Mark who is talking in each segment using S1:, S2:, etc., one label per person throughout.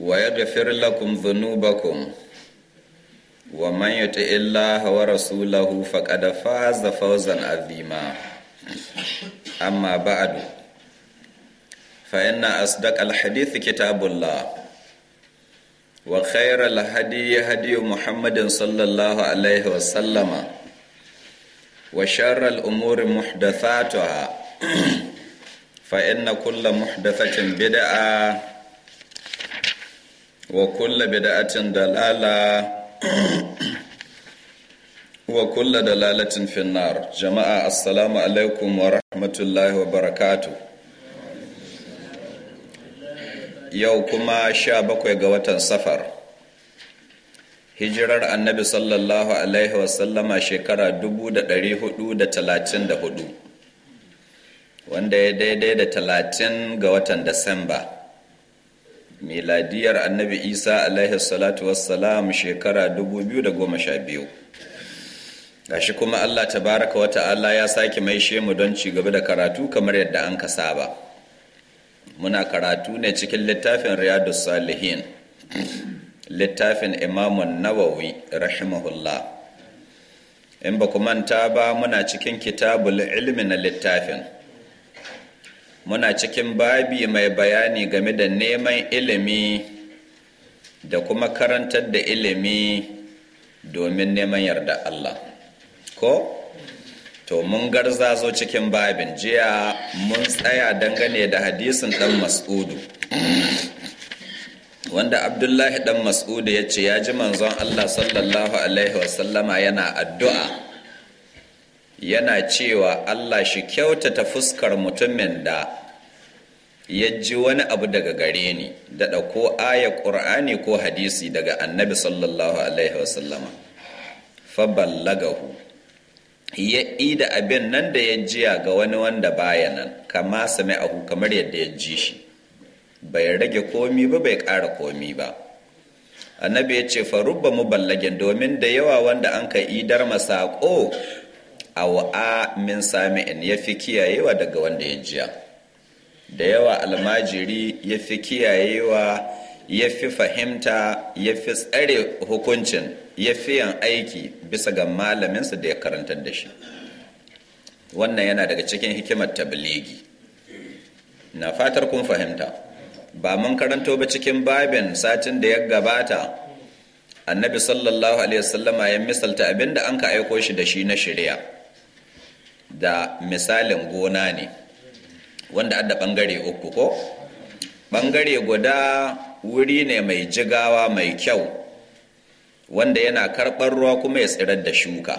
S1: ويغفر لكم ذنوبكم ومن يطع الله ورسوله فقد فاز فوزا عظيما أما بعد فإن أصدق الحديث كتاب الله وخير الهدي هدي محمد صلى الله عليه وسلم وشر الأمور محدثاتها فإن كل محدثة بدعة Wa بدعة دلالة وكل دلالة في النار جماعة السلام wa ورحمة الله yau kuma sha bakwai ga watan safar hijirar annabi sallallahu alaihi wasallama shekara 434 wanda ya daidai da 30 ga watan disamba miladiyar annabi isa alaihi salatu wassalam shekara 2012 gashi kuma allah Ta baraka wata Allah ya sake mai mu don ci gaba da karatu kamar yadda an ka saba muna karatu ne cikin littafin riyadus salihin littafin imamun nawawi rahimahullah in ba ku manta ba muna cikin kitabul ilmi na littafin muna cikin babi mai bayani game da neman ilimi da kuma karantar da ilimi domin neman yarda Allah ko to mun garza zo cikin babin jiya mun tsaya dangane da hadisin ɗan mas'udu wanda abdullahi ɗan mas'udu ya ce ya ji manzon Allah sallallahu alaihi wasallama yana addu'a yana cewa Allah shi kyautata fuskar mutumin da ya ji wani abu daga gare ni daɗa ko aya ƙur'ani ko hadisi daga annabi sallallahu alaihi wasallama faballagahu ya da abin nan da ya jiya ga wani wanda baya nan kama sami ahu kamar yadda ya ji shi bai rage komi ba bai ƙara komi ba annabi ya ce mu ballagin domin da yawa wanda an ka idar masaƙo awa min sami'in ya fi kiyayewa daga wanda ya jiya da yawa almajiri ya fi kiyayewa ya fi fahimta ya fi tsare hukuncin ya fi yan aiki bisa ga malaminsa da ya karanta da shi wannan yana daga cikin hikimar tabligi na fatar kun fahimta ba mun karanto ba cikin babin satin da ya gabata annabi sallallahu alaihi wasallama ya misalta abinda an ka aiko shi da shi na shari'a da misalin gona ne wanda adda bangare uku ko bangare guda wuri ne mai jigawa mai kyau wanda yana karɓar ruwa kuma ya tsirar da shuka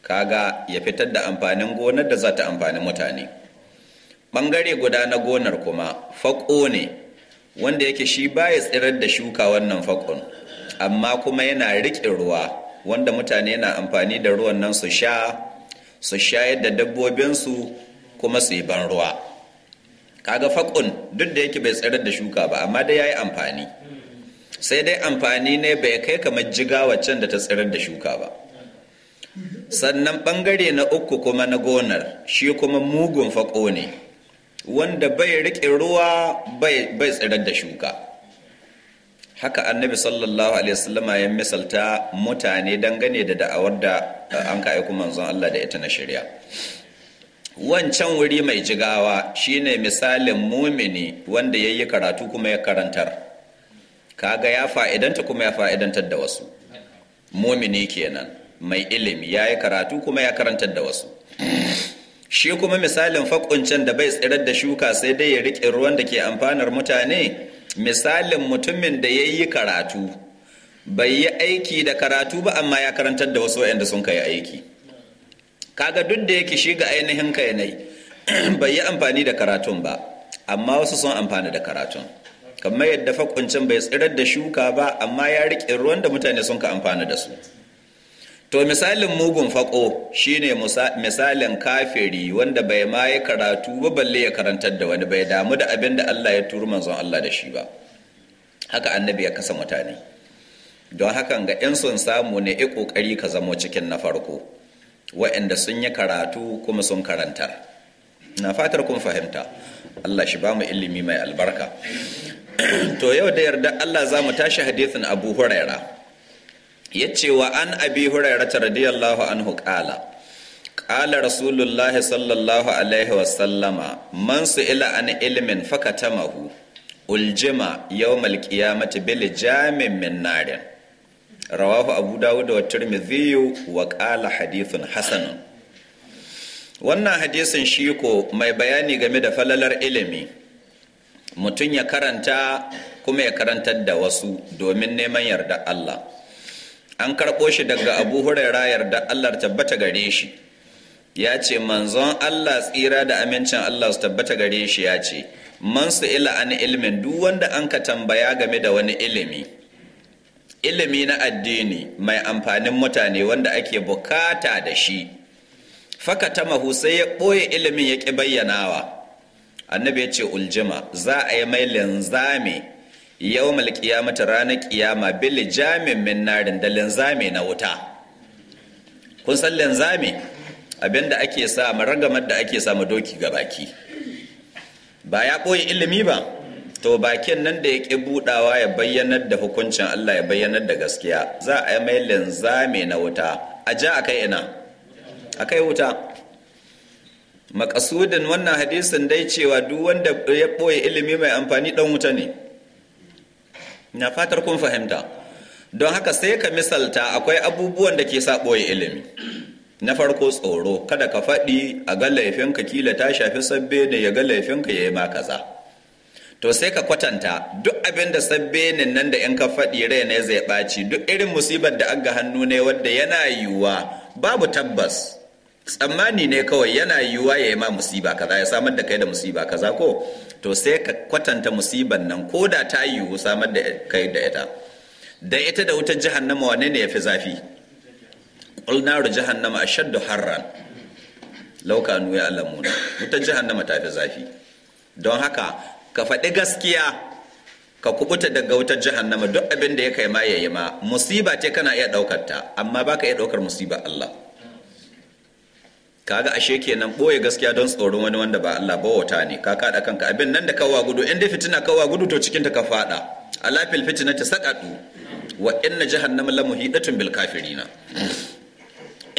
S1: kaga ya fitar da amfanin gonar da za ta amfani mutane bangare guda na gonar kuma fako ne wanda yake shi baya tsirar da shuka wannan fakon amma kuma yana riƙe ruwa wanda mutane na amfani da ruwan nan su sha su shayar da dabbobinsu kuma su yi ban ruwa kaga faƙun duk da yake bai tsirar da shuka ba amma dai ya yi amfani sai dai amfani ne bai kai kamar jiga waccan da ta tsirar da shuka ba sannan ɓangare na uku kuma na gonar shi kuma mugun faƙo ne wanda bai riƙe ruwa bai tsirar da shuka haka annabi sallallahu alaihi wasallama ya misalta mutane dangane da da'awar da an ka aiko manzon Allah da ita na shari'a wancan wuri mai jigawa shine misalin mumini wanda yayi karatu kuma ya karantar kaga ya fa'idanta kuma ya fa'idantar da wasu mumini kenan mai ilimi yayi karatu kuma ya karantar da wasu shi kuma misalin fakuncen da bai tsirar da shuka sai dai ya riƙe ruwan da ke amfanar mutane misalin mutumin da ya yi karatu bai yi aiki da karatu ba amma ya karantar da wasu wa'anda sun kai aiki kaga duk da yake shiga ainihin kai ne bai yi amfani da karatun ba amma wasu sun amfana da karatun kamar yadda fakuncin bai tsirar da shuka ba amma ya riƙe ruwan da mutane sun ka amfana da su to misalin mugun fako shine misalin kafiri wanda bai ma yi karatu ba balle ya karantar da wani bai damu da abin da Allah ya turu manzon Allah da shi ba haka annabi ya kasa mutane don hakan ga 'yan sun samu ne ya ƙoƙari ka zamo cikin na farko wa'anda sun yi karatu kuma sun karanta na fatar kun fahimta Allah shi ba mu ilimi mai albarka to yau da yarda Allah za mu tashi hadithin abu huraira ya ce wa an abi huraira radiyallahu anhu ƙala ƙala rasulullah sallallahu alaihi wasallama man su ila an ilimin fakatamahu uljima yau qiyamati bil jamin min narin rawahu abu dawud wa Turmiziyu wa qala hadithun hasanun wannan hadisin shi ko mai bayani game da falalar ilimi mutum ya karanta kuma ya karantar da wasu domin neman yarda Allah an karɓo shi daga abu huraira yarda Allah tabbata gare shi ya ce manzon Allah tsira da amincin Allah su tabbata gare shi ya ce man su ila an ilimin duk wanda an ka tambaya game da wani ilimi ilimi na addini mai amfanin mutane wanda ake bukata da shi fakatamahu sai ya ɓoye ilimin ya ƙi bayyanawa annabi ya ce uljima za a yi mai linzami yau mata ranar ƙiyama, bili jamin min da linzami na wuta kun san linzami abinda ake sa ragamar da ake sa doki ga baki ba ya ɓoye ilimi ba to bakin nan da ya ƙi buɗawa ya bayyanar da hukuncin Allah ya bayyanar da gaskiya za a yi mai linzami na wuta a ja a kai ina a kai wuta makasudin wannan hadisin dai cewa duk wanda ya ɓoye ilimi mai amfani ɗan wuta ne na fatar kun fahimta don haka sai ka misalta akwai abubuwan da ke sa ɓoye ilimi na farko tsoro kada ka faɗi a ga laifinka kila ta shafi sabbe ne ya ga laifinka ya yi ma kaza to sai ka kwatanta duk abin da sabbenin nan da yan ka faɗi rai ne zai ɓaci duk irin musibar da aga hannu ne wadda yana yiwuwa babu tabbas tsammani ne kawai yana yiwuwa ya yi ma musiba kaza ya samar da kai da musiba kaza ko to sai ka kwatanta musibar nan ko da ta yiwu samar da kai da ita da ita da wutar jahannama wane ne ya fi zafi ƙulnaru jahannama shaddu harran lauka ya alamuna wutar jahannama ta fi zafi don haka ka faɗi gaskiya ka kubuta daga wutar jahannama duk abin da ya kai ma yayi ma musiba ce kana iya ɗaukar ta amma baka iya ɗaukar musiba Allah kaga ashe kenan boye gaskiya don tsoron wani wanda ba Allah ba wata ne ka kada kanka abin nan da kawa gudu in dai fitina kawa gudu to cikin ta ka fada ala fil fitnati saqatu wa inna jahannama la muhidatun bil kafirina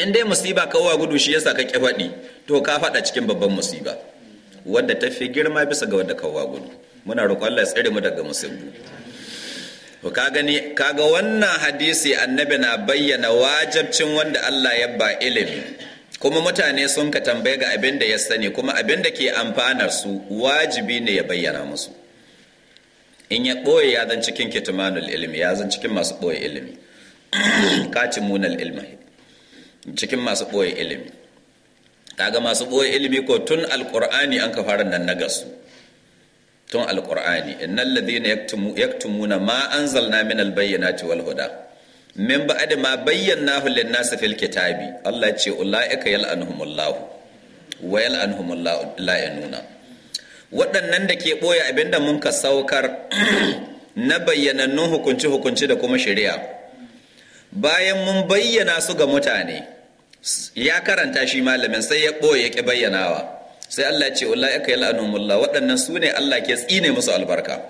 S1: in dai musiba kawa gudu shi yasa ka kifadi to ka fada cikin babban musiba wadda ta fi girma bisa ga wadda kawo gudu muna roƙon Allah ya tsare mu daga musibbu to ka gani kaga wannan hadisi annabi na bayyana wajabcin wanda Allah ya ba ilimi kuma mutane sun ka tambaye ga abin da ya sani kuma abin da ke amfanar su wajibi ne ya bayyana musu in ya ɓoye ya zan cikin kitmanul ilimi ya zan cikin masu ɓoye ilimi katimunal ilmi cikin masu ɓoye ilimi kaga masu boye ilimi ko tun alqur'ani an ka fara nan nagasu tun alqur'ani innal ladhina yaktumu yaktumuna ma anzalna min albayyinati wal huda min ba'da ma bayyanahu lin nasi fil kitabi Allah ce ulaika yal'anuhumullah wa yal'anuhumullah la yanuna waɗannan da ke boye abinda mun ka saukar na bayyanannun hukunci hukunci da kuma shari'a bayan mun bayyana su ga mutane ya karanta shi malamin sai ya ɓoye ya bayyanawa sai Allah ce wallahi aka yi Mulla, waɗannan su ne Allah ke tsine musu albarka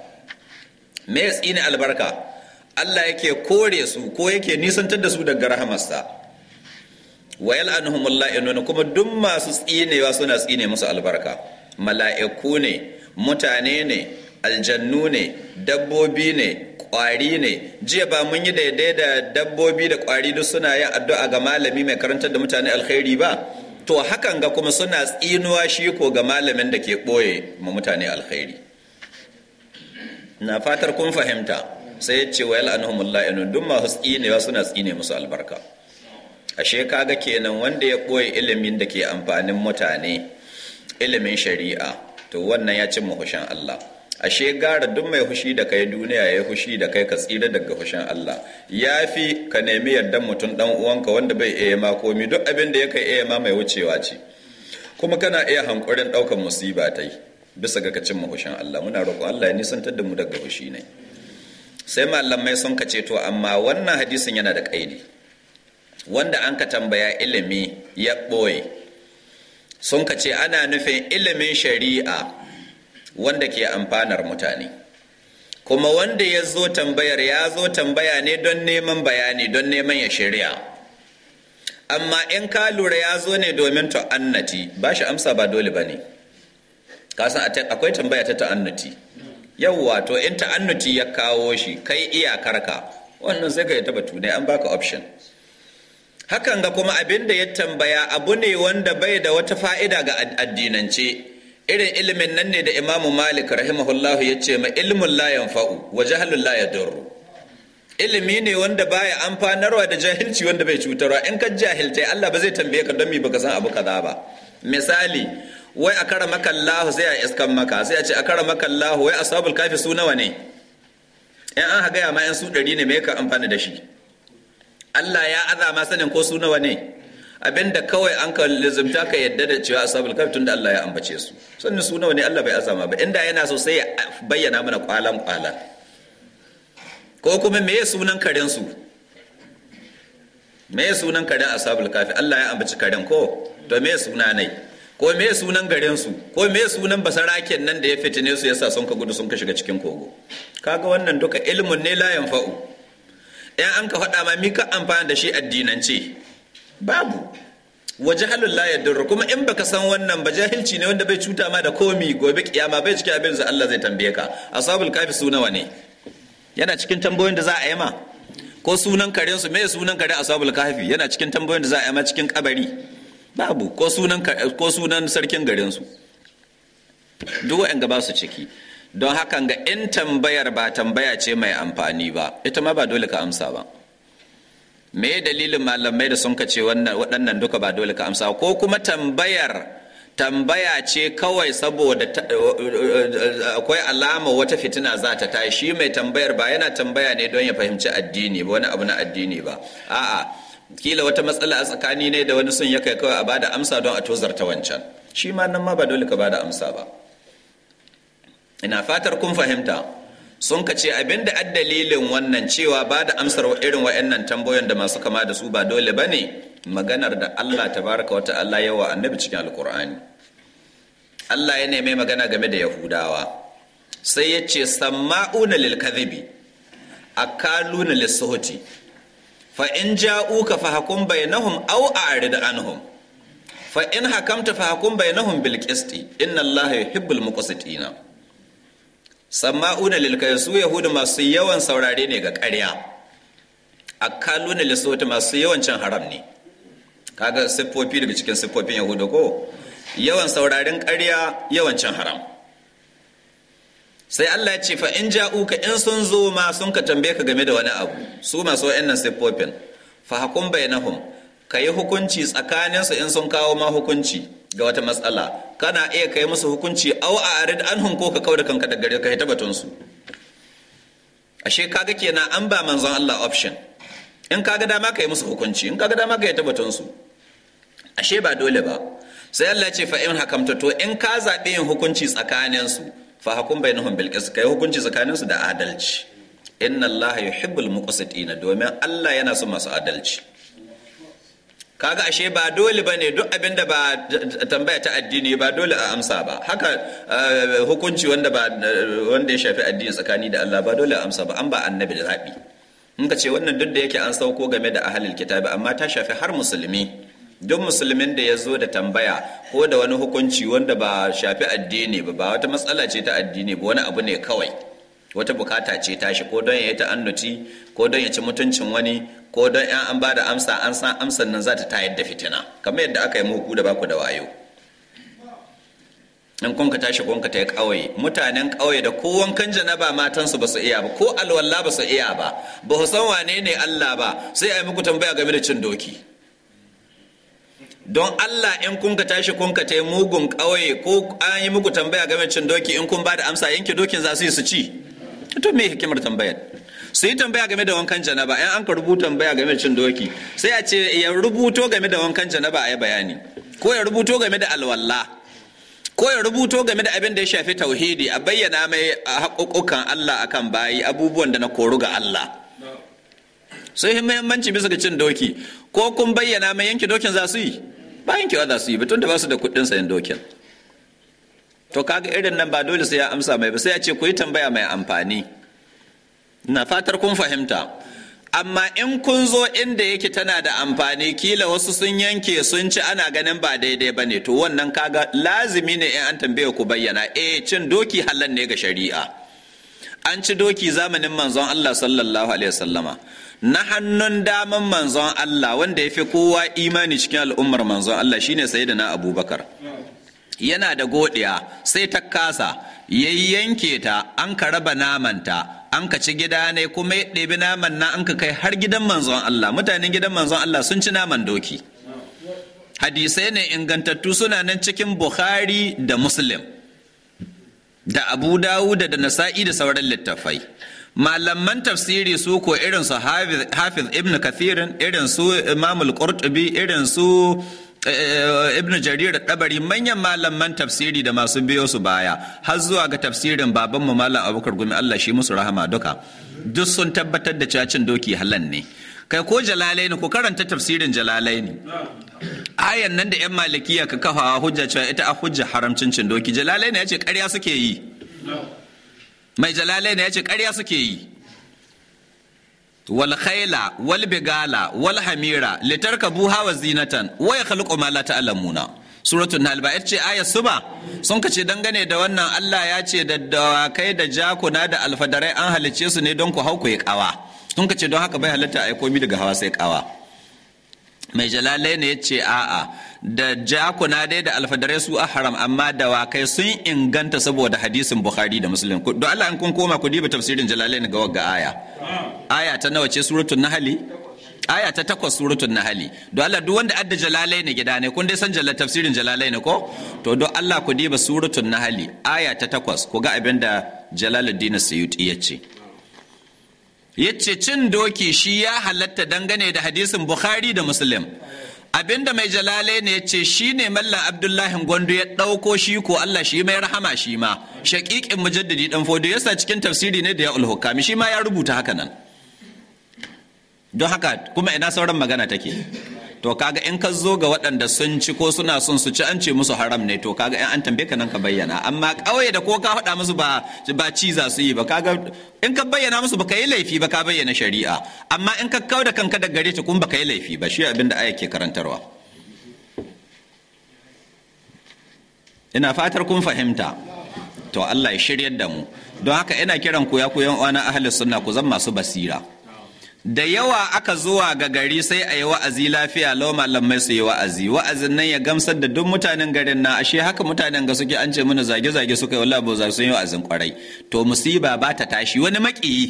S1: me ya tsine albarka Allah yake kore su ko yake nisantar da su daga rahamarsa wa Mulla inuna kuma duk masu tsinewa suna tsine musu albarka mala'iku ne mutane ne aljannu ne dabbobi ne kwari ne jiya ba mun yi daidai da dabbobi da kwari duk suna yin addu'a ga malami mai karantar da mutane alkhairi ba to hakan ga kuma suna tsinuwa shi ko ga malamin da ke ɓoye ma mutane alkhairi na fatar kun fahimta sai ya ce wa yal'anuhumullah inu duk masu tsinewa suna tsine musu albarka ashe kaga kenan wanda ya ɓoye ilimin da ke amfanin mutane ilimin shari'a to wannan ya cimma mahushin Allah ashe gara duk mai hushi da kai duniya ya hushi da kai ka tsira daga hushin Allah ya fi ka nemi yardan mutum dan uwanka wanda bai iya ma komi duk abin da ya kai iya ma mai wucewa ce kuma kana iya hankurin daukan musiba ta yi bisa ga kacin mahushin Allah muna roƙon Allah ya nisantar da mu daga hushi ne sai malamai sun kace to amma wannan hadisin yana da kaidi wanda an ka tambaya ilimi ya ɓoye sun ka ana nufin ilimin shari'a wanda ke amfanar mutane kuma wanda ya zo tambayar ya zo tambaya ne don neman bayani don neman ya shirya amma in ka lura ya zo ne domin ta'annati ba shi amsa ba dole ba ne kasan akwai tambaya ta ta'annati yawwa to in ta'annati ya kawo shi kai iyakarka wannan sai ga ya taba tunai an baka option hakan ga kuma abin da ya tambaya abu ne wanda bai da wata fa'ida ga addinance irin ilimin nan ne da imamu malik rahimahullahu ya ce ma ilmin layan fa'u wa jahalun la yadurru ilimi ne wanda baya amfanarwa da jahilci wanda bai cutarwa in ka jahiltai Allah ba zai tambaye ka don mi baka san abu kaza ba misali wai a kara maka Allah sai a iskan maka sai a ce a kara maka Allah wai ashabul kafi su nawa ne in an haga ya ma yan su ne me ka amfana da shi Allah ya azama sanin ko su nawa ne abinda kawai an ka lizimta ka yadda da cewa kafi tun tunda Allah ya ambace su sannan su nawa ne Allah bai azama ba inda yana so sai ya bayyana mana kwalan kwalan ko kuma me sunan karen su me sunan karen asabul kafi Allah ya ambaci karen ko to me suna nai ko me sunan garin su ko me sunan basaraken nan da ya fitine su yasa sun ka gudu sun ka shiga cikin kogo kaga wannan duka ilmun ne la yanfa'u in an ka faɗa ma mika amfani da shi addinance babu wa jahalun la yadurru kuma in baka san wannan ba jahilci ne wanda bai cuta ma da komi gobe kiyama bai cikin abin da Allah zai tambaye ka ashabul kafi sunawa ne yana cikin tambayoyin da za a yi ma ko sunan kare su me sunan kare ashabul kafi yana cikin tambayoyin da za a yi ma cikin kabari babu ko sunan ko sunan sarkin garin su duk wa'anga gaba su ciki don hakan ga in tambayar ba tambaya ce mai amfani ba ita ma ba dole ka amsa ba me dalilin malamai da sun kace waɗannan duka ba dole ka amsa ko kuma tambayar tambaya ce kawai saboda eh, eh, akwai alama wata fitina za ta tashi shi mai tambayar ba yana tambaya ne don ya fahimci addini ba wani abu na addini ba a'a kila wata matsala a tsakani ne da wani sun ya kai kawai a bada amsa don a tozarta wancan shi ma nan ma ba dole ka bada amsa ba ina fatar kun fahimta sun ka ce abin da dalilin wannan cewa ba da amsar irin wa'annan tambayoyin da masu kama da su ba dole ba ne maganar da Allah ta baraka wata Allah yawa annabi cikin alkur'ani Allah ya nemi magana game da yahudawa sai ya ce samma'una lil kadhibi akaluna lis fa in ja'uka fa hakum bainahum aw a'rid anhum fa in hakamta fa hakum bainahum bil qisti inna allaha yuhibbul muqsitina sama'una lilkai su yahudu masu yawan saurare ne ga ƙarya akaluna lisoti masu yawan cin haram ne kaga siffofi daga cikin siffofin yahudu ko yawan sauraren ƙarya yawan cin haram sai Allah ya ce fa in ja'uka in sun zo ma sun ka tambaye ka game da wani abu su masu wa'annan siffofin fa hakum bainahum ka yi hukunci tsakaninsu in sun kawo ma hukunci ga wata matsala kana iya kai musu hukunci au a arid an hunko ka kawar kanka daga gare ka hita batun su ashe kaga kenan an ba manzon Allah option in kaga dama ka yi musu hukunci in kaga dama ka hita batun su ashe ba dole ba sai Allah ya ce fa in hakamta to in ka zabe yin hukunci tsakanin su fa hakum bainahum bil qist kai hukunci tsakanin su da adalci inna Allah yuhibbul muqsitina domin Allah yana son masu adalci kaga ashe ba dole bane duk abin da ba tambaya ta addini ba dole a amsa ba haka eh, hukunci wanda ba wanda ya shafi addini tsakani da Allah ba dole a amsa ba an ba annabi da zabi in ka ce wannan duk da yake an sauko game da ahlul kitabi amma ta shafi har musulmi duk musulmin da ya zo da tambaya ko da wani hukunci wanda ba shafi addini ba ba wata matsala ce ta addini ba wani abu ne kawai wata bukata ce tashi ko don ya yi ta'annuci ko don ya ci mutuncin wani ko don yan an ba da amsa an san amsan nan za ta tayar da fitina kamar yadda aka yi muku da baku da wayo in kun ka tashi kun ka ta yi ƙauye mutanen ƙauye da ko wankan janaba matansu ba su iya ba ko alwalla ba su iya ba ba su san wane ne Allah ba sai ai yi muku tambaya game da cin doki don Allah in kun ka tashi kun ka yi mugun ƙauye ko an yi muku tambaya game da cin doki in kun ba da amsa yanke dokin za su yi su ci to me hikimar tambayar su yi tambaya game da wankan janaba in an ka rubuta tambaya game da cin doki sai a ce ya rubuto game da wankan janaba a yi bayani ko ya rubuto game da alwalla ko ya rubuto game da abin da ya shafi tauhidi a bayyana mai haƙuƙukan Allah akan bayi abubuwan da na koru ga Allah sai yi muhimmanci bisa ga cin doki ko kun bayyana mai yanke dokin za su yi ba yankewa za su yi ba tun da ba su da kuɗin sayan dokin to kaga irin nan ba dole sai ya amsa mai ba sai ya ce ku yi tambaya mai amfani na fatar kun fahimta amma in kun zo inda yake tana da amfani kila wasu sun yanke sun ci ana ganin ba daidai ba ne to wannan kaga lazimi ne in an tambaye ku bayyana e cin doki halan ne ga shari'a an ci doki zamanin manzon Allah sallallahu alaihi wasallama na hannun daman manzon Allah wanda ya fi kowa imani cikin al'ummar manzon Allah shine sayyidina Abubakar yana da godiya sai ta kasa ya yanke ta an ka raba namanta an ka ci gida ne kuma ya ɗebi naman na an ka kai har gidan manzon Allah mutanen gidan manzon Allah sun ci naman doki hadisai ne ingantattu suna nan cikin Bukhari da Muslim da Abu Dawud da Nasa'i da sauran littafai. malaman tafsiri su ko irin su Hafiz Ibn Kathirin irin su Imam qurtubi irin su Eh, ibn jarir ɗabari manyan malaman tafsiri da masu biyo su baya har zuwa ga tafsirin baban mu malam abubakar gumi Allah shi musu rahama duka duk sun tabbatar da cacin doki halan ne kai ko jalalaini ku karanta tafsirin jalalaini ayan nan da yan malikiya ka kafa hujja cewa ita a hujja haramcin cin doki jalalaini ya ce ƙarya suke yi mai jalalaini ya ce ƙarya suke yi wal khayla wal bigala wal hamira litarkabu hawa zinatan wa yakhluqu ma la ta'lamuna suratul nahl ba ce aya suba sun kace dangane da wannan Allah ya ce da dawakai da jakuna da alfadarai an halice su ne don ku hau ku yi kawa sun kace don haka bai halatta ai komi daga hawa sai kawa mai jalalai ne ya ce a'a da jakuna dai da alfadarai su a haram amma da wakai sun inganta saboda hadisin bukhari da musulun don allah in kun koma ku diba tafsirin jalalai ga wagga aya aya ta nawa ce suratul nahali aya ta takwas suratul nahali Do allah duk wanda adda jalalai ne gida ne kun dai san jalal tafsirin jalalai ne ko to do allah ku diba suratul nahali aya ta takwas ku ga abin da jalaluddin sayyid ya ce yace cin doki shi ya halatta dangane da hadisin bukhari da muslim abinda mai jalale ne ce shi ne mallan abdullahi gwandu ya ɗauko shi ko allah shi mai rahama shi ma shaƙiƙin mujaddadi dan fodo yasa cikin tafsiri ne da ya ulhukami shi ma ya rubuta haka nan don haka kuma ina sauran magana take to kaga in ka zo ga waɗanda sun ci ko suna son su ci an ce musu haram ne to kaga in an tambaye ka nan ka bayyana amma ƙauye da ko ka faɗa musu ba ba ci za su yi ba kaga in ka bayyana musu baka yi laifi ba ka bayyana shari'a amma in ka da kanka da gare ta kun baka yi laifi ba shi abin da aya ke karantarwa ina fatar kun fahimta to Allah ya shiryar da mu don haka ina kiran ku ya ku yan uwana ahli sunna ku zan masu basira da yawa aka zuwa ga gari sai a yi wa'azi lafiya lau malamai su yi wa'azi wa'azin nan ya gamsar da duk mutanen garin na ashe haka mutanen ga suke an ce mana zage-zage suka yi wallahi ba sun yi wa'azin kwarai to musiba ba ta tashi wani makiyi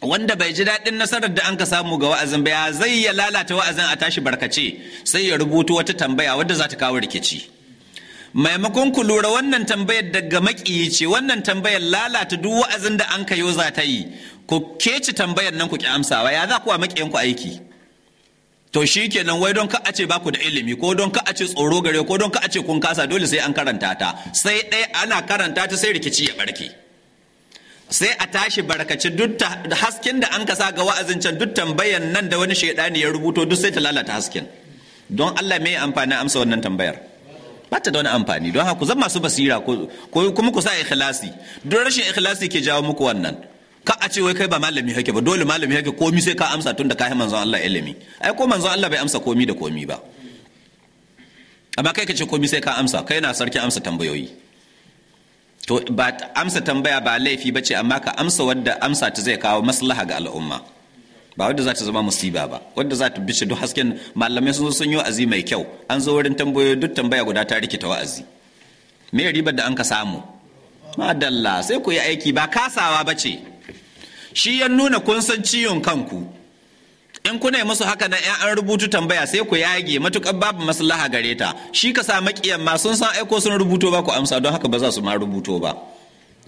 S1: wanda bai ji daɗin nasarar da an ka samu ga wa'azin ba ya zai ya lalata wa'azin a tashi barkace sai ya rubutu wata tambaya wadda za ta kawo rikici maimakon ku lura wannan tambayar daga makiyi ce wannan tambayar lalata duk wa'azin da an kayo za ta yi ku keci tambayar nan ku ki amsawa ya za ku wa ku aiki to shi kenan wai don ka a ce baku da ilimi ko don ka a ce tsoro gare ko don ka a ce kun kasa dole sai an karanta ta sai ɗaya ana karanta ta sai rikici ya barke sai a tashi barkaci duk da hasken da an kasa ga wa'azin can duk tambayan nan da wani shaidani ya rubuto duk sai ta lalata hasken don Allah me amfani amsa wannan tambayar ba ta da wani amfani don haka ku zama masu basira ko kuma ku sa ikhlasi don rashin ikhlasi ke jawo muku wannan ka a ce wai kai ba malami hake ba dole malami hake komi sai ka amsa tun da ka yi manzon Allah ilimi ai ko manzon Allah bai amsa komi da komi ba amma kai ka ce komi sai ka amsa kai na sarki amsa tambayoyi to ba amsa tambaya ba laifi ba ce amma ka amsa wadda amsa ta zai kawo maslaha ga al'umma ba wadda za ta zama musiba ba wadda za ta bice duk hasken malamai sun sun yi wa'azi mai kyau an zo wurin tambayoyi duk tambaya guda ta rikita wa'azi me ribar da an ka samu madalla sai ku yi aiki ba kasawa ba ce shi ya nuna kun san ciyon kanku in kuna yi musu haka na yan an rubutu tambaya sai ku yage matukar babu maslaha gare ta shi ka sa maƙiyan ma sun san aiko sun rubuto ba ku amsa don haka ba za su ma rubuto ba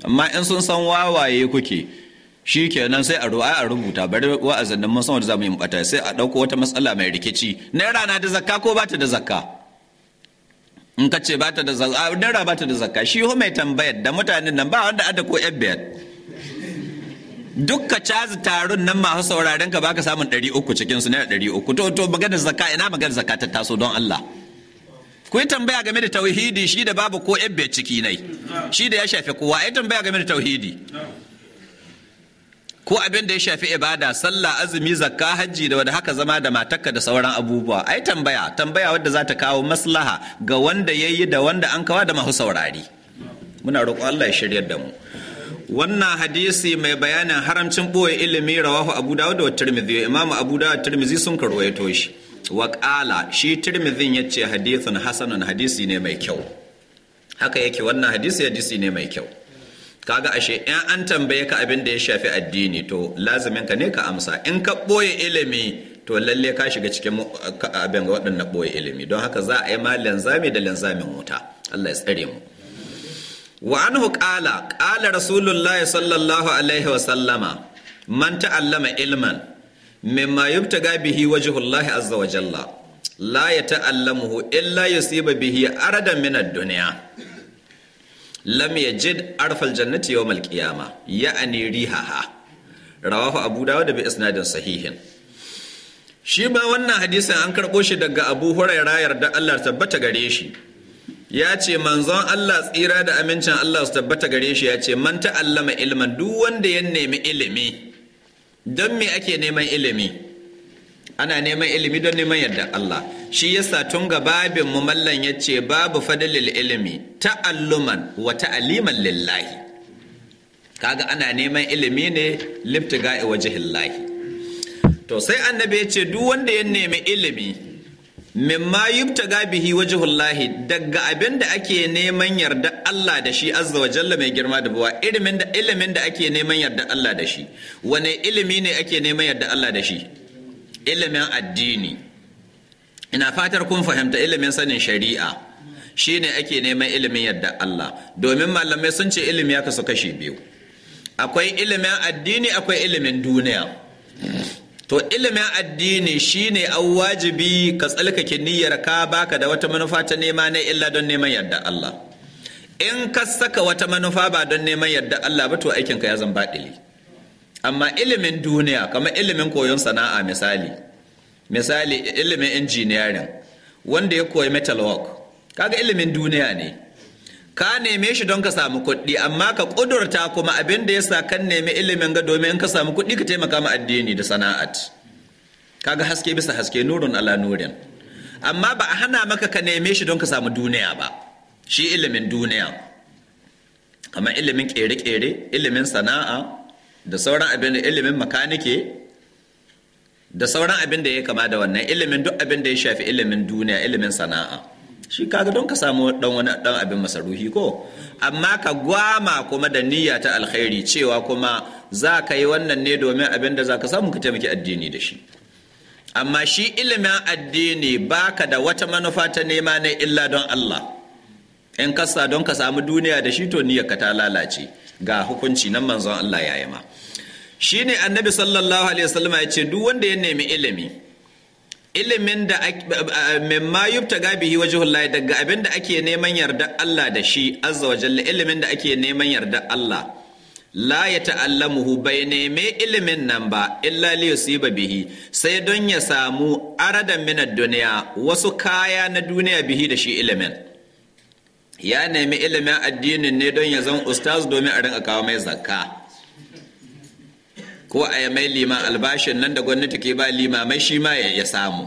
S1: amma in sun san wawaye kuke shi kenan sai a ruwa a rubuta bari wa'azin nan mun san wanda za mu yi bata sai a ɗauko wata matsala mai rikici naira na da zakka ko bata da zakka in ka ce bata da zakka naira bata da zakka shi ho mai tambayar da mutanen nan ba wanda ada ko yan biyar dukka cazi taron nan masu sauraren ka baka samun ɗari uku cikin su naira ɗari uku to to maganar zakka ina maganar zakka ta taso don Allah ku yi tambaya game da tauhidi shi da babu ko ebbe ciki nai shi da ya shafi kowa ai tambaya game da tauhidi ko abin da ya shafi ibada sallah azumi zakka hajji da wanda haka zama da matakka da sauran abubuwa ai tambaya tambaya wadda za ta kawo maslaha ga wanda yayi da wanda an kawa da masu saurari muna roƙo Allah ya shiryar da mu wannan hadisi mai bayanin haramcin ɓoye ilimi rawahu abu dawud da tirmidhi imam abu dawud tirmidhi sun karwaito shi wa qala shi tirmidhin yace hadithun hasanun hadisi ne mai kyau haka yake wannan hadisi hadisi ne mai kyau kaga ashe in an tambaye ka abin da ya shafi addini to lazimin ka ne ka amsa in ka ɓoye ilimi to lalle ka shiga cikin abin waɗannan ɓoye ilimi don haka za a yi ma linzami da linzamin wuta Allah ya tsare mu wa anhu kala, ƙala rasulullah sallallahu alaihi wa sallama man ta'allama ilman ta ga bihi wajhullahi azza wa jalla la yata'allamuhu illa ba bihi aradan min ad-dunya lam yajid arfal jannati yawm al-qiyamah ya'ni rihaha rawahu abu dawud bi isnadin sahihin shi ba wannan hadisin an karɓo shi daga abu rayar yarda Allah tabbata gare shi ya ce manzon Allah tsira da amincin Allah su tabbata gare shi ya ce man ta'allama ilman duk wanda ya nemi ilimi don me ake neman ilimi ana neman ilimi don neman yadda Allah shi yasa tun ga babin mu mallan ya ce babu fadalil ilimi ta'alluman wa ta'aliman lillahi kaga ana neman ilimi ne liftiga'i wajihillahi to sai annabi ya ce duk wanda ya nemi ilimi mimma yubta gabihi wajhullahi daga abin da ake neman yarda Allah da shi azza wa jalla mai girma da buwa ilimin da ilimin da ake neman yarda Allah da shi wane ilimi ne ake neman yarda Allah da shi ilimin addini ina fatar kun fahimta ilimin sanin shari'a shine ake neman ilimin yarda Allah domin malamai sun ce ilimi ya kasu kashi biyu akwai ilimin addini akwai ilimin duniya to ilimin addini shine an wajibi ka tsalkake niyyar ka baka da wata manufa ta nema na illa don neman yadda Allah in ka saka wata manufa ba don neman yadda Allah ba to aikin ka ya zan baɗili amma ilimin duniya kamar ilimin koyon sana'a misali misali ilimin engineering wanda ya koyi metal work kaga ilimin duniya ne ka neme shi don ka samu kuɗi amma ka ƙudurta kuma abin da ya sa kan nemi ilimin ga domin ka samu kuɗi ka taimaka ma addini da sana'at kaga haske bisa haske nurin ala nurin amma ba a hana maka ka neme shi don ka samu duniya ba shi ilimin duniya kamar ilimin ƙere-ƙere ilimin sana'a da sauran abin da ilimin makanike da sauran abin da ya kama da wannan ilimin duk abin da ya shafi ilimin duniya ilimin sana'a shi kaga don ka samu dan wani dan abin masaruhi ko amma ka gwama kuma da niyya ta alkhairi cewa kuma za ka yi wannan ne domin abin da za ka samu ka taimaki addini da shi amma shi ilimin addini baka da wata manufa ta nema ne illa don Allah in kasa don ka samu duniya da shi to niyya ka ta lalace ga hukunci nan manzon Allah ya yi ma shine annabi sallallahu alaihi wasallam ya ce duk wanda ya nemi ilimi ilimin da mimma yubtaga wajen wajhullahi daga abin da ake neman yarda Allah da shi azza wa jalla ilimin da ake neman yarda Allah la ya ta'allamuhu bai neme ilimin nan ba illa li yusiba bihi sai don ya samu aradan ad duniya wasu kaya na duniya bihi da shi ilimin ya nemi ilimin addinin ne don ya zan ustaz domin a rinka kawo mai zakka ko a mai liman albashin nan da gwamnati ke ba limamai shi ma ya samu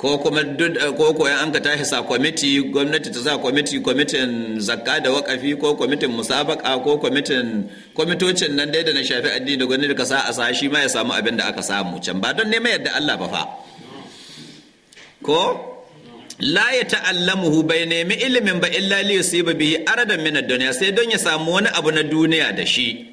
S1: ko kuma eh, ko koyan an ka tashi sa kwamiti gwamnati ta sa kwamiti kwamitin zakka da wakafi ko kwamitin musabaka ko kwamitin kwamitocin nan dai da na shafi addini da gwamnati ka sa a sa shi ma ya samu abin da aka samu can ba don neman yadda Allah ba fa ko la ya ta'allamuhu bai nemi ilimin ba illa li yusiba bihi aradan min ad-dunya sai don ya samu wani abu na duniya da shi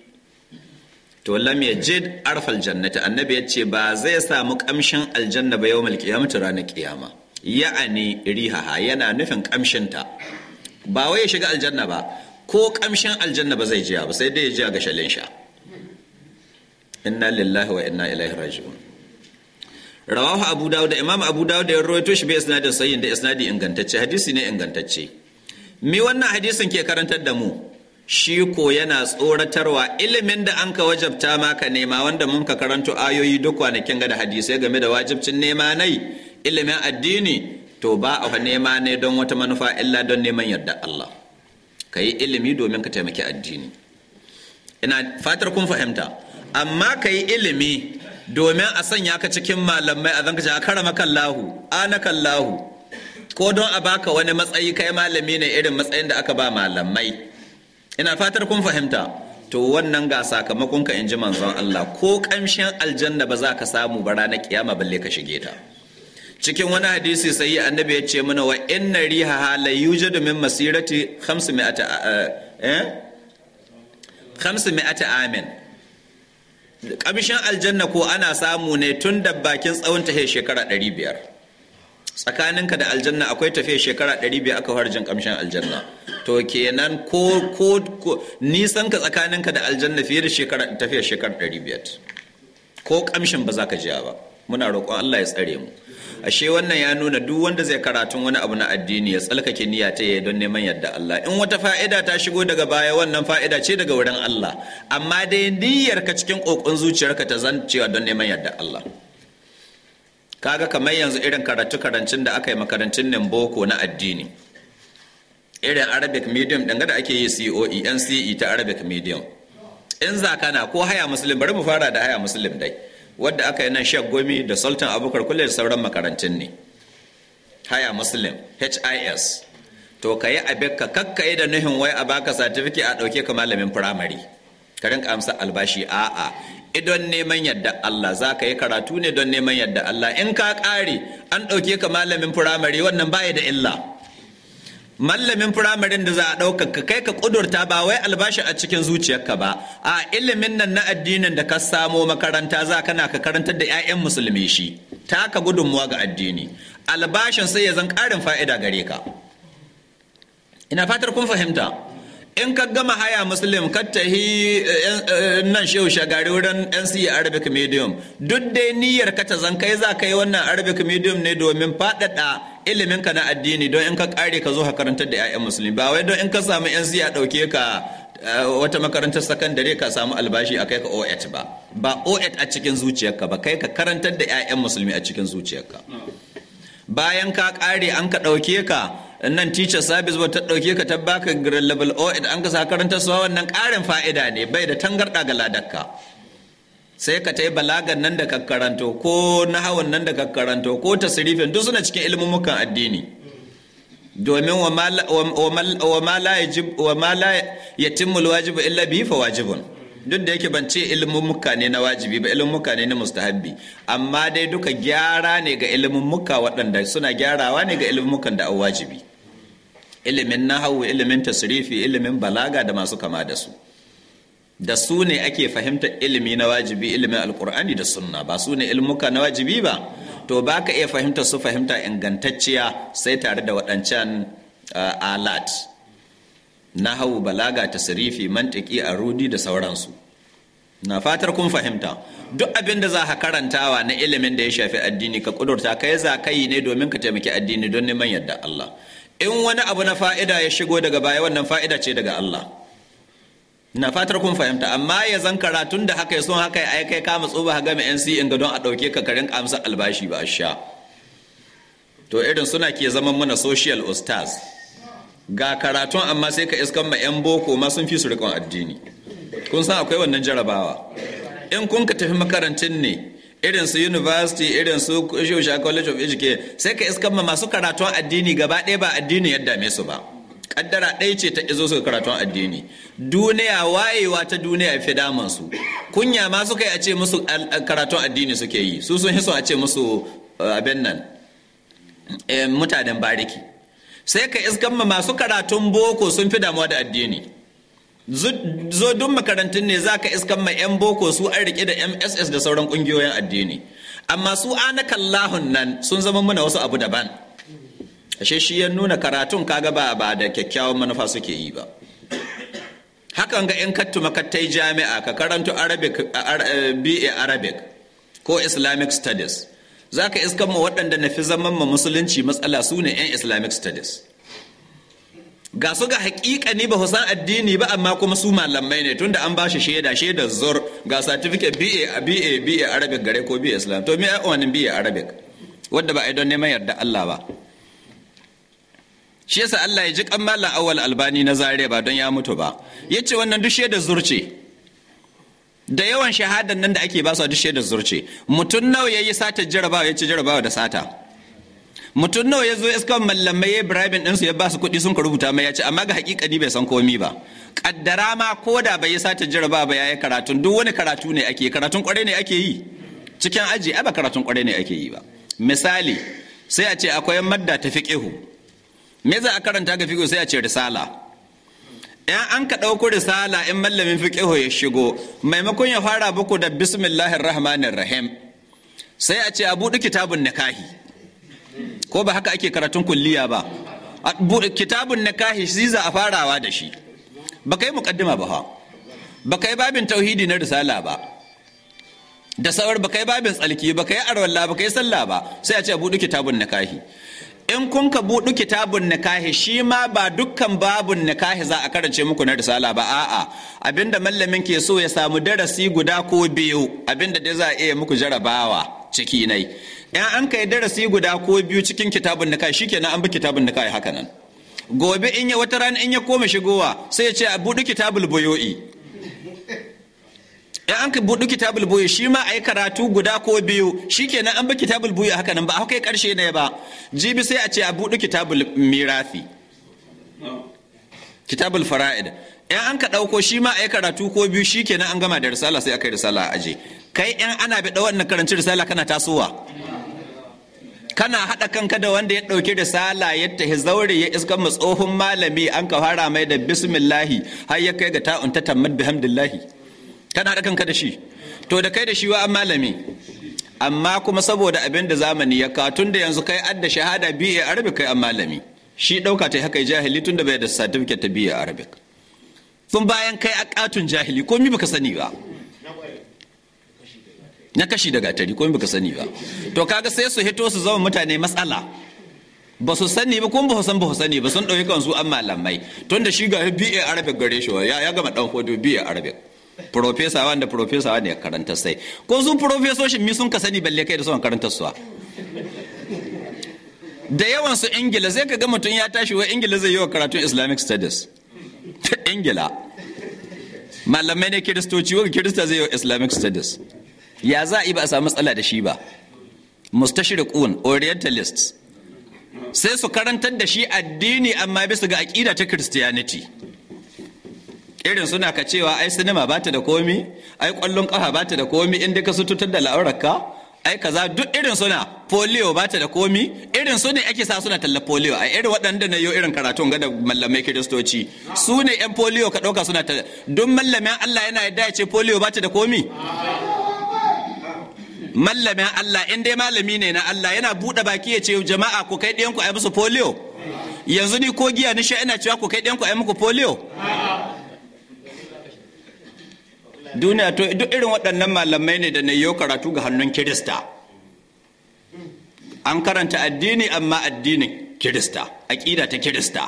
S1: to lam yajid arfal jannati annabi yace ba zai samu kamshin aljanna ba yawmal qiyamati ranar kiyama ya'ani rihaha yana nufin kamshin ta ba wai ya shiga aljanna ba ko kamshin aljanna ba zai jiya ba sai dai ya jiya ga shalin sha inna lillahi wa inna ilaihi raji'un rawahu abu dawud imam abu dawud ya rawaito shi bi isnadin sayyin da isnadi ingantacce hadisi ne ingantacce me wannan hadisin ke karantar da mu shi ko yana tsoratarwa ilimin da an ka wajabta maka nema wanda mun ka karanto ayoyi duk kwanakin ga da hadisai game da wajibcin nema nai ilimin addini to ba a nema ne don wata manufa illa don neman yarda Allah ka yi ilimi domin ka taimaki addini ina fatar kun fahimta amma ka yi ilimi domin a sanya ka cikin malamai a zanka a karama kallahu ana kallahu ko don a baka wani matsayi kai malami ne irin matsayin da aka ba malamai ina fatar kun fahimta to wannan ga sakamakon ka inji manzon Allah ko kamshin aljanna ba za ka samu ba ranar kiyama balle ka shige ta cikin wani hadisi sai annabi ya ce mana wa inna riha la yujadu min masirati 500 eh 500 eh? amin kamshin aljanna ko ana samu ne tun da bakin tsawon ta shekara 500 tsakaninka da aljanna akwai tafiya shekara 500 aka harjin kamshin aljanna to kenan ko ko nisan ka tsakaninka da aljanna fiye da shekara tafiya shekara 500 ko kamshin ba za ka jiya ba muna roƙon Allah ya tsare mu ashe wannan ya nuna duk wanda zai karatun wani abu na addini ya tsalkake niyya ta yi don neman yadda Allah in wata fa'ida ta shigo daga baya wannan fa'ida ce daga wurin Allah amma dai niyyarka cikin kokon zuciyarka ta zan don neman yadda Allah kaga kamar yanzu irin karatu karancin da aka yi makarancin nan na addini irin arabic medium dangane da ake yi coe nce ta arabic medium in zakana ko haya muslim bari mu fara da haya muslim dai wadda aka yi nan shek gomi da sultan abubakar kullum da sauran makarantun ne haya muslim his to ka yi abin ka kakkaye da nuhin wai a baka satifiki a ɗauke ka malamin firamare ka rinka amsa albashi a'a Idon eh, neman yadda Allah za ka yi karatu ne don neman yadda Allah in ka ƙare an ɗauke ka malamin firamare wannan baya da illa mallamin firamarin da za a ɗauka ka kai ka ƙudurta ba wai albashi a cikin zuciyarka ba a ilimin nan na addinin da ka samo makaranta za na ka karantar da 'ya'yan musulmi shi taka gudunmuwa ga addini albashin sai ya zan ƙarin fa'ida gare ka ina fatar kun fahimta in ka gama haya muslim ka tahi eh, eh, nan shehu shagari wurin nc arabic medium duk dai niyyar ka ta zan kai za ka yi wannan arabic medium ne domin faɗaɗa iliminka na addini don in ka ƙare ka zo ka karantar da 'ya'yan musulmi ba wai don in ka samu nc a ɗauke ka eh, wata makarantar sakandare ka samu albashi a kai ka OET ba ba OET a cikin zuciyarka ba kai ka karantar da 'ya'yan musulmi a cikin zuciyarka bayan ka kare an ka ɗauke ka nan teacher service ba ta ɗauke ka ta baka grade level o an ka sa karanta suwa wannan ƙarin fa'ida ne bai da tangarɗa ga ladakka sai ka ta yi balagan nan da ka karanto ko hawan nan da ka karanto ko tasirifin duk suna cikin ilmumukan addini domin wa ma la timmul wajibu illa bi fa wajibun duk da yake ban ce ilmumuka ne na wajibi ba ilmumuka ne na mustahabbi amma dai duka gyara ne ga ilmumuka waɗanda suna gyarawa ne ga ilmumukan da wajibi ilimin naha'u, ilimin tasrifi ilimin balaga da masu kama da su da su ne ake fahimta ilimi na wajibi ilimin alkur'ani da sunna ba su ne ilmuka na wajibi ba to ba ka iya fahimta su fahimta ingantacciya sai tare da waɗancan uh, alat nahawu balaga tasrifi mantiki arudi da sauransu na fatar kun fahimta duk abin da za ka karantawa na ilimin da ya shafi addini ka kudurta kai za ka yi ne domin ka taimaki addini don neman yadda Allah in wani abu na fa'ida ya shigo daga baya wannan fa'ida ce daga Allah na fatar kun fahimta amma ya zan karatun da haka ya son haka ya kai kama tsoba ga mai NC in ga don a ɗauke ka karin amsa albashi ba sha to irin suna ke zaman mana social ustaz ga karatun amma sai ka iskan ma yan boko ma sun fi su riƙon addini kun san akwai wannan jarabawa in kun ka tafi makarantun ne irin su university irin su shusha college of education sai ka iskan ma masu karatun addini gaba ɗaya ba addini ya dame su ba kaddara ɗaya ce ta izo su karatun addini duniya wayewa ta duniya fi daman su kunya ma suka yi a ce musu karatun addini suke yi su sun hiso a ce musu eh, abin nan eh, mutanen bariki sai ka iskan ma masu karatun boko sun fi damuwa da addini zo duk makarantun ne za ka iskan ma 'yan boko su an rike da mss da sauran kungiyoyin addini amma su anakallahun nan sun zama mana wasu abu daban ashe shi ya nuna karatun kaga ba ba da kyakkyawan manufa suke yi ba hakan ga in kattu makattai jami'a ka karanto arabic ba arabic ko islamic studies za ka iskan ma waɗanda na fi zaman ma musulunci matsala su ne 'yan islamic studies ga su ga hakika ne ba su san addini ba amma kuma su malamai ne tunda an ba shi shaida shaida zur ga certificate BA BA BA Arabic gare ko BA Islam to me ai wannan BA Arabic wanda ba ai don neman yarda Allah ba shi yasa Allah ya ji kan mallan awal albani na zare ba don ya mutu ba yace wannan duk shaidar zur ce da yawan shahadan nan da ake ba su duk shaidar zur ce mutum nawa yayi sata jarabawa yace jarabawa da sata mutum nawa ya zo iskan mallamai ya bribing ɗinsu ya ba su kuɗi sun ka rubuta mai ya ce amma ga hakikani bai san komi ba kaddara ma ko da bai sata jaraba ba ya yi karatun duk wani karatu ne ake karatun kwarai ne ake yi cikin aji ai karatun kwarai ne ake yi ba misali sai a ce akwai madda ta fiqihu me za a karanta ga fiqihu sai a ce risala yan an ka ɗauko risala in mallamin fiqihu ya shigo maimakon ya fara buku da bismillahir rahmanir rahim sai a ce a buɗe kitabun nikahi ko ba haka ake karatun kulliya ba kitabun nikahi shi za a farawa da shi ba kai muqaddima ba ba kai babin tauhidi na risala ba da saurar ba kai babin tsalki ba kai arwalla ba kai sallah ba sai a ce buɗu kitabun nikahi in kun ka buɗu kitabun nikahi shi ma ba dukkan babun nikahi za a karance muku na risala ba a'a abinda mallamin ke so ya samu darasi guda ko biyu abinda dai za a iya muku jarabawa ciki nai ya an kai darasi guda ko biyu cikin kitabun nika shikenan an bi kitabun nika haka nan gobe in ya wata rana in ya koma shigowa sai ya ce a buɗi kitabul boyo'i ya an kai buɗi kitabul boyo shi ma a yi karatu guda ko biyu shikenan an bi kitabul boyo haka nan ba haka kai karshe ne ba jibi sai a ce a buɗi kitabul mirafi kitabul fara'id ya an ka ɗauko shi ma a yi karatu ko biyu shikenan an gama da risala sai aka yi risala a aje kai yan ana bi da wannan karancin risala kana tasowa kana haɗa kanka da wanda ya ɗauki risala ya tahi zaure ya iska mu tsohon malami an ka fara mai da bismillahi har ya kai ga ta'unta ta tammad bihamdillahi kana haɗa kanka da shi to da kai da shi wa an malami amma kuma saboda abin da zamani ya ka tun da yanzu kai adda shahada a arabic kai an malami shi ɗauka ta haka jahili tun da bai da certificate ta a arabic tun bayan kai a katun jahili komi baka sani ba na kashi da gatari ko baka sani ba to kaga sai su hito su zama mutane matsala ba su sani ba kuma ba su san ba su sani ba sun dauki kansu an malamai tun da shi ga BA Arabic gare shi ya gama dan hodo BA Arabic profesa wanda profesa wanda ya karanta sai ko sun profesoshin mi sun ka sani balle kai da sun karanta suwa da yawan su ingila sai ka ga mutun ya tashi wa ingila zai yi wa karatun islamic studies ingila malamai ne kiristoci wa kirista zai yi wa islamic studies ya za a yi ba a samu matsala da shi ba mustashriqun orientalists sai su karantar da shi addini amma bisa ga aƙida ta christianity irin suna ka cewa ai sinima ba ta da komi ai ƙwallon ƙafa ba ta da komi in ka su tutar da la'aurarka ai kaza duk irin suna polio ba ta da komi irin su ne ake sa suna talla polio a irin waɗanda na yau irin karatun ga da mallamai kiristoci su ne yan polio ka ɗauka suna talla duk mallamin allah yana yadda ya ce polio ba ta da komi mallamin Allah in dai malami ne na Allah yana buɗe baki ya ce jama'a ku kai ɗiyanku a yi musu polio yanzu ni ko giya ni sha ina cewa ku kai ɗiyanku a yi muku polio duniya to duk irin waɗannan malamai ne da na yi karatu ga hannun kirista an karanta addini amma addinin kirista aƙida ta kirista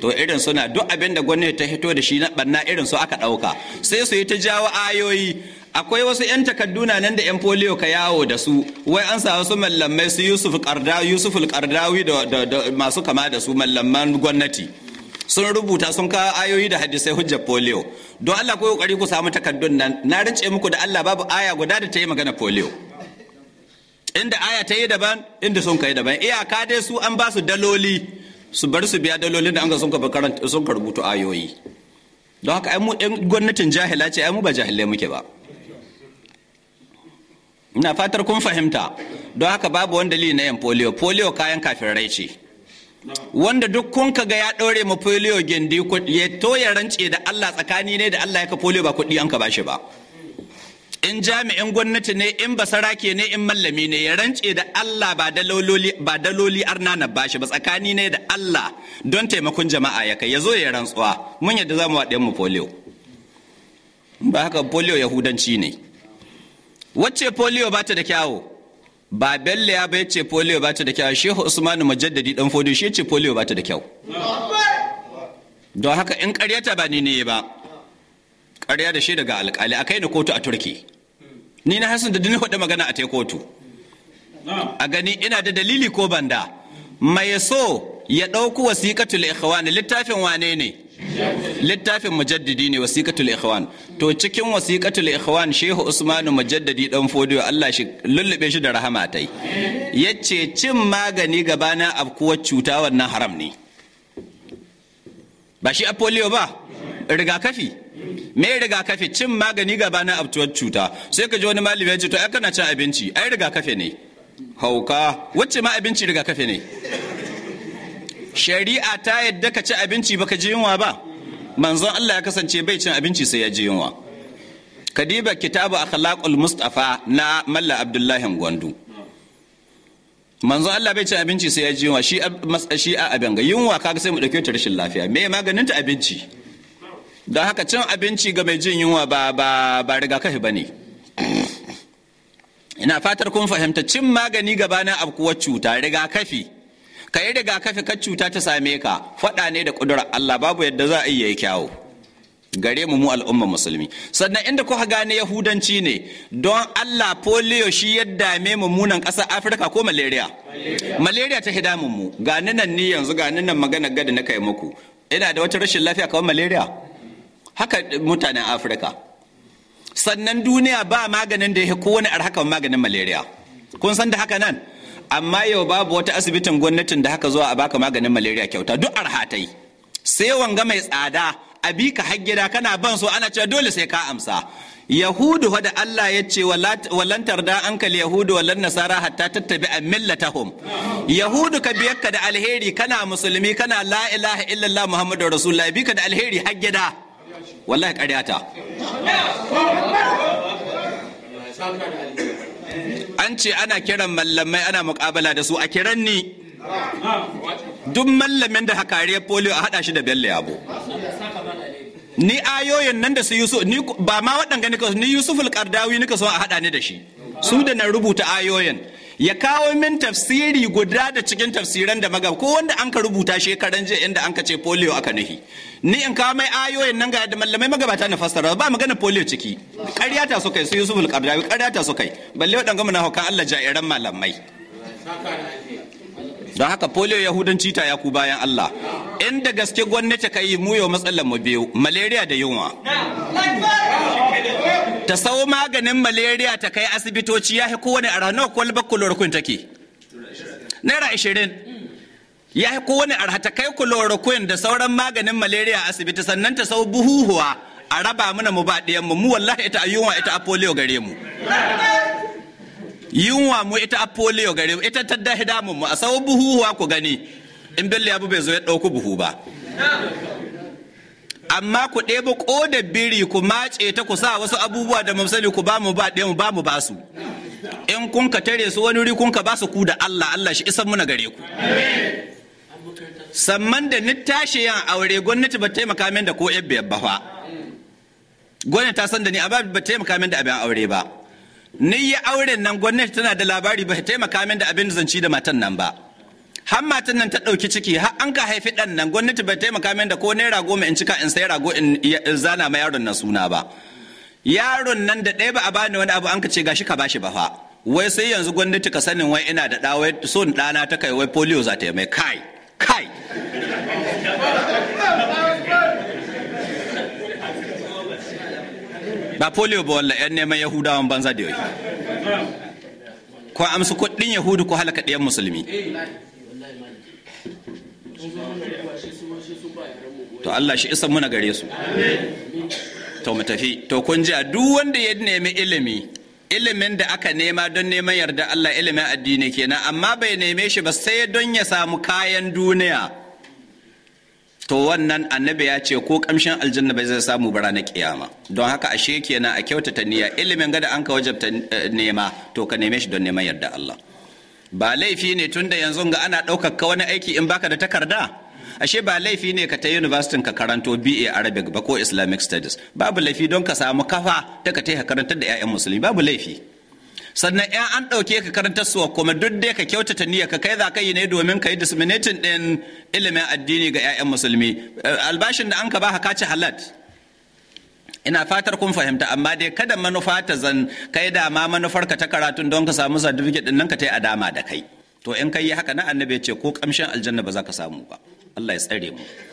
S1: to irin suna duk abin da gwamnati ta hito da shi na ɓanna irin su aka ɗauka sai su yi ta jawo ayoyi akwai wasu 'yan takadduna nan da 'yan foliyo ka yawo da su wai an sa wasu mallamai su yusuf kardawi yusuf kardawi da masu kama da su mallaman gwamnati sun rubuta sun kawo ayoyi da hadisai hujjar polio don Allah ko kokari ku samu takaddun nan na rince muku da Allah babu aya guda da ta yi magana polio inda aya ta yi daban inda sun kai daban iyaka dai su an ba su daloli su bar su biya dalolin da an ga sun ka karanta sun ka rubuta ayoyi don haka ai mu gwamnatin jahila ce ai mu ba jahilai muke ba ina fatar kun fahimta don haka babu wani dalili na yin polio polio kayan kafin rai ce wanda duk kun ga ya ɗore ma polio gindi ya toya ya rance da Allah tsakani ne da Allah ya ka polio ba kuɗi an ka bashi ba in jami'in gwamnati ne in basarake ne in mallami ne ya rance da Allah ba daloli ba daloli arna na bashi ba tsakani ne da Allah don taimakon jama'a ya kai ya zo ya rantsuwa mun yadda za mu waɗe mu polio ba haka polio yahudanci ne wacce polio ba ta da kyawo ba bello ya bai ce polio ba ta da kyawo shehu usmanu majaddadi dan fodo shi ce polio ba ta da kyawu don haka in karyata ba ni ne ba karya da shi daga alkali a kai ni kotu a turki ni na hasan da dini faɗi magana a kotu a gani ina da dalili ko banda mai so ya ɗauki wasiƙatul ikhwan littafin wane ne littafin mujaddidi ne wasiqatul ikhwan to cikin wasiqatul ikhwan shehu usmanu mujaddadi dan fodiyo Allah shi lullube shi da rahama tai yace cin magani gabanin afkuwar cuta wannan haram ne ba shi polio ba rigakafi me rigakafi cin magani gabanin afkuwar cuta sai ka ji wani malami ya ce to ai kana cin abinci ai rigakafi ne hauka wacce ma abinci rigakafi ne shari'a ta yadda ka ci abinci baka ji yunwa ba manzon Allah ya kasance bai cin abinci sai ya ji yunwa kadiba kitabu akhlaqul mustafa na malla abdullahi gwandu manzon Allah bai cin abinci sai ya ji yunwa shi shi a abin ga yunwa kaga sai mu dauke ta rashin lafiya me maganin ta abinci don haka cin abinci ga mai jin yunwa ba ba ba rigakafi bane ina fatar kun fahimta cin magani gabanin abkuwar cuta rigakafi ka yi kafi ka cuta ta same ka faɗa ne da ƙudurar Allah babu yadda za a iya yi kyawu gare mu mu al'umma musulmi sannan inda kuka gane yahudanci ne don Allah polio shi ya dame mummunan ƙasar Afirka ko malaria malaria ta hidamin mu ga nan ni yanzu ga nan magana gada na kai muku ina da wata rashin lafiya kamar malaria haka mutanen Afirka sannan duniya ba maganin da ya kowane arhaka maganin malaria kun san da haka nan amma yau babu wata asibitin gwamnatin da haka zuwa a baka maganin malaria kyauta duk arha ta yi sai wanga mai tsada a bi ka har kana ban so ana cewa dole sai ka amsa yahudu da Allah ya ce wallan tarda ankal yahudu wallan nasara hatta tattabi a millatahum yahudu ka biyakka da alheri kana musulmi kana la ilaha illallah muhammadu rasulullah bi ka da alheri har wallahi ƙaryata an ce ana kiran mallamai ana mukabala da su a kiran ni duk mallamin da hakariyar polio a hada shi da bello yabo ni ayoyin nan da su yusuf ni ba ma waɗanga ni ni yusuf al-qardawi nika so a hada ni da shi su da na rubuta ayoyin ya kawo min tafsiri guda da cikin tafsiran da magab ko wanda an ka rubuta shekaran jiya inda an ka ce polio aka nuhi ni in kawo mai ayoyin nan ga mallamai magabata na fassara ba magana polio ciki ƙarya ta su kai su yusuf al-qardawi ƙarya ta su kai balle waɗanga muna hauka Allah jairan malamai don haka polio yahudanci ta yaku bayan Allah inda gaske gwamnati ka yi muyo matsalar mu biyu malaria da yunwa ta sau maganin malaria ta kai asibitoci ya kowane arha nawa kwalbar chloroquine take naira ashirin ya yi kowane arha ta kai chloroquine da sauran maganin malaria asibiti sannan ta sau buhuhuwa a raba mana mu ba mu mu wallahi ita yunwa ita a polio gare mu yunwa mu ita a polio gare mu ita ta dahi damun mu a sau buhuhuwa ku gani in bello ya bai zo ya ɗauku buhu ba amma ku ɗebo ƙodar biri ku mace ta ku sa wasu abubuwa da mamsali ku ba mu ba ɗaya mu ba mu ba su in kun ka tare su wani wuri kun ka ba su ku da Allah Allah shi isan muna gare ku samman da ni tashi yan aure gwamnati ba taimaka min da ko yabbe ba fa gwamnati ta san da ni amma ba taimaka min da abin aure ba ni yi auren nan gwamnati tana da labari ba taimaka min da abin zanci da matan nan ba har matan nan ta ɗauki ciki har an ka haifi ɗan nan gwamnati bai taimaka min da ko naira goma in cika in sai rago in zana ma yaron nan suna ba yaron nan da ɗaya ba a bani wani abu an ka ce gashi ka bashi ba fa wai sai yanzu gwamnati ka sanin wai ina da ɗa wai son ɗana ta kai wai polio za ta yi mai kai kai ba polio ba wallah yan neman yahudawan banza da yau ko amsu kuɗin yahudu ko halaka ɗayan musulmi to Allah shi isan muna gare su to mu tafi to kun ji duk wanda ya nemi ilimi ilimin da aka nema don neman yarda Allah ilimin addini kenan amma bai neme shi ba sai don ya samu kayan duniya to wannan annabi ya ce ko kamshin aljanna bai zai samu bara na kiyama don haka ashe kenan a kyautata niyya ilimin gada an ka wajabta eh, nema to ka neme shi don neman yarda Allah ba laifi ne tunda yanzu ga ana ɗaukaka wani aiki in baka da takarda ashe ba laifi ne ka ta university ka karanto BA Arabic ba ko Islamic Studies babu laifi don ka samu kafa ta ka ka karantar da 'ya'yan musulmi babu laifi sannan 'yan an ɗauke ka karantar suwa kuma duk dai ka kyautata niyya ka kai za ka yi ne domin ka yi disseminating ɗin ilimin addini ga 'ya'yan musulmi eh, albashin da an ka ba ka ci halat ina fatar kun fahimta amma dai kada manufa ta zan kai da ma ka ta karatun don ka samu certificate ɗin nan ka ta a dama da kai to in kai haka na annabi ya ce ko kamshin aljanna ba za ka samu ba Allah ya tsare